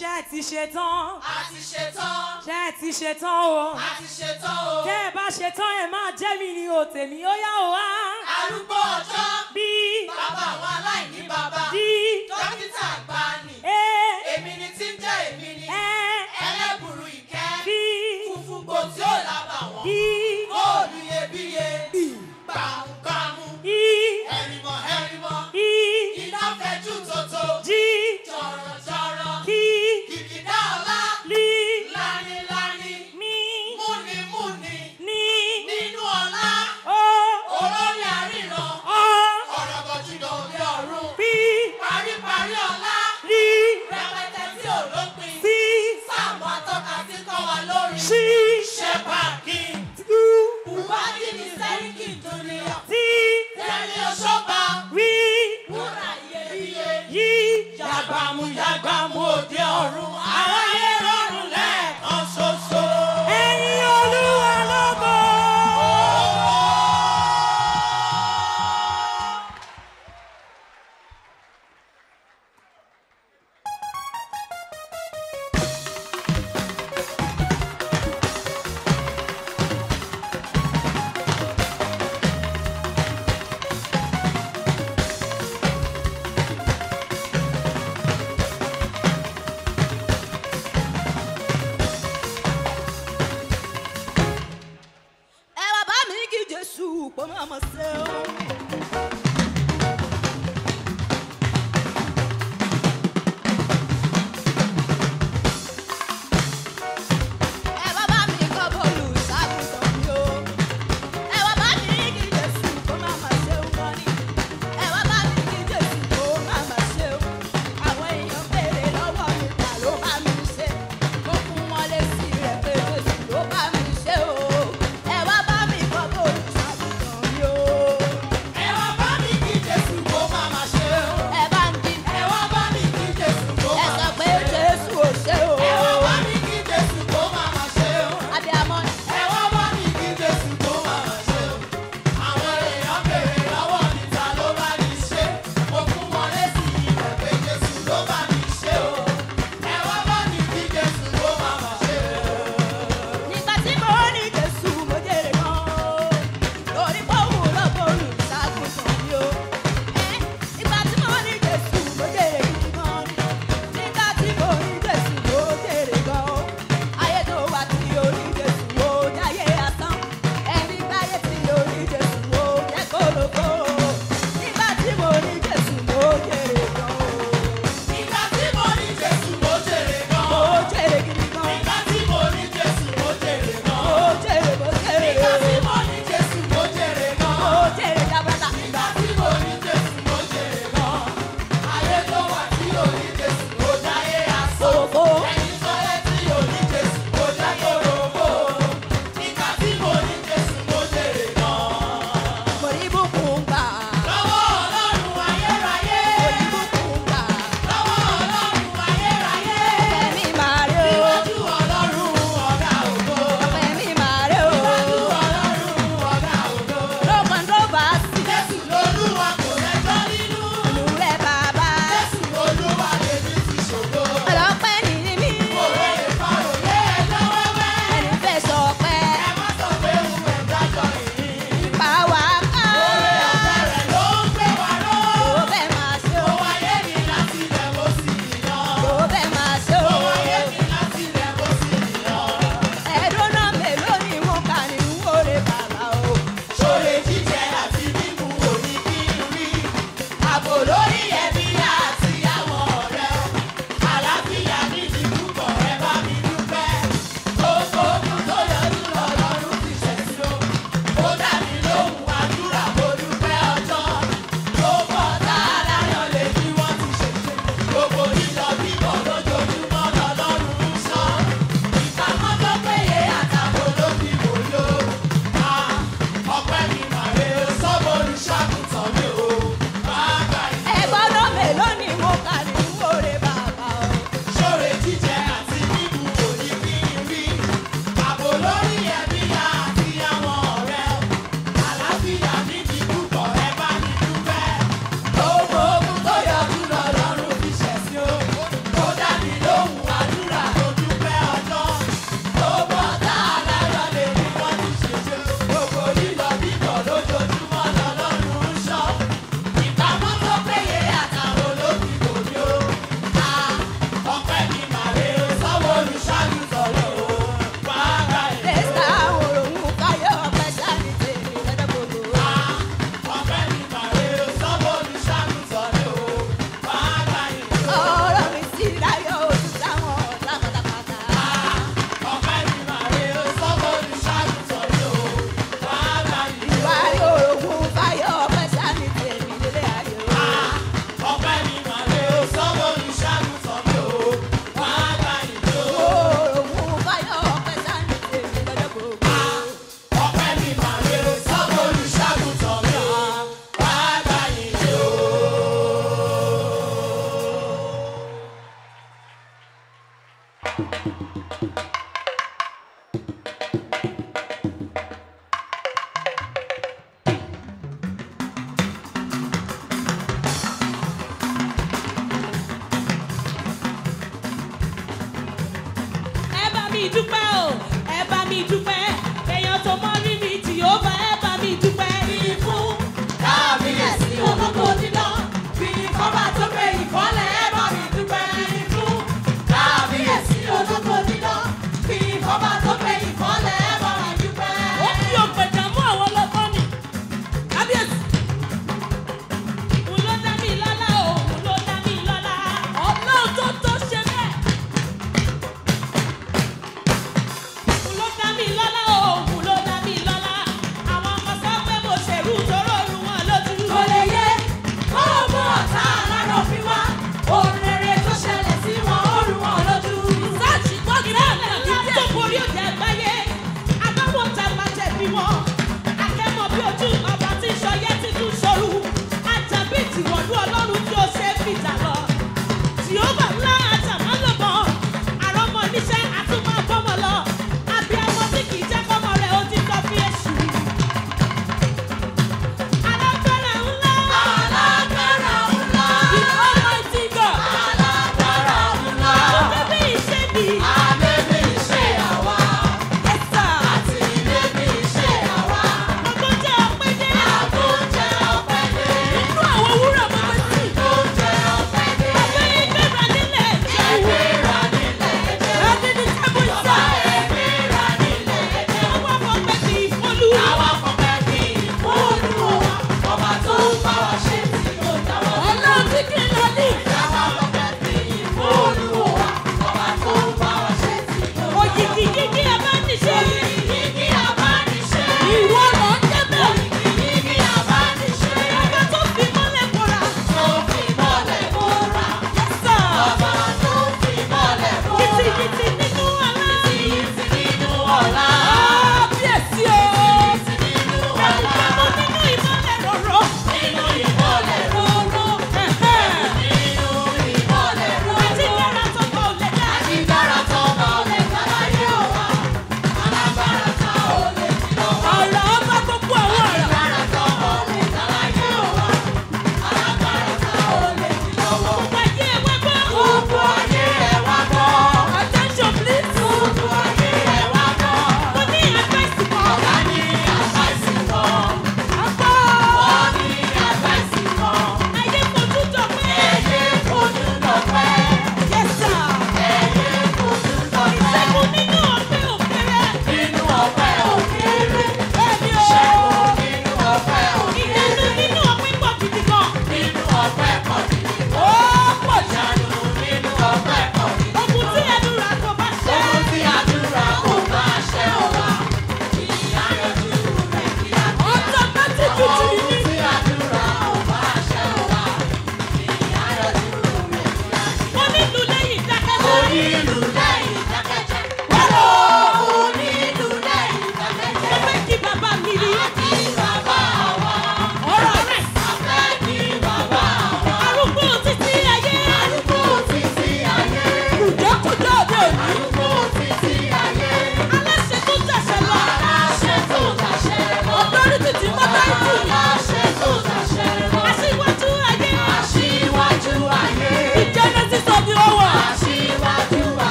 Ṣé ẹ ti ṣe tán? A ti ṣe tán. Ṣé ẹ ti ṣe tán o? A ti ṣe tán o. Tẹ́ ẹ bá ṣe ẹ máa jẹ́ mi ni o tèmi ó yá o wá. Arúgbó ọjọ́. Bí. Bàbá àwọn aláìní bàbá. Dí. Dókítà gbani. Ee. Èmi ni tí ń jẹ́ èmi ni. Ẹ́ẹ́. Como é a maçã? dúpẹ́ o.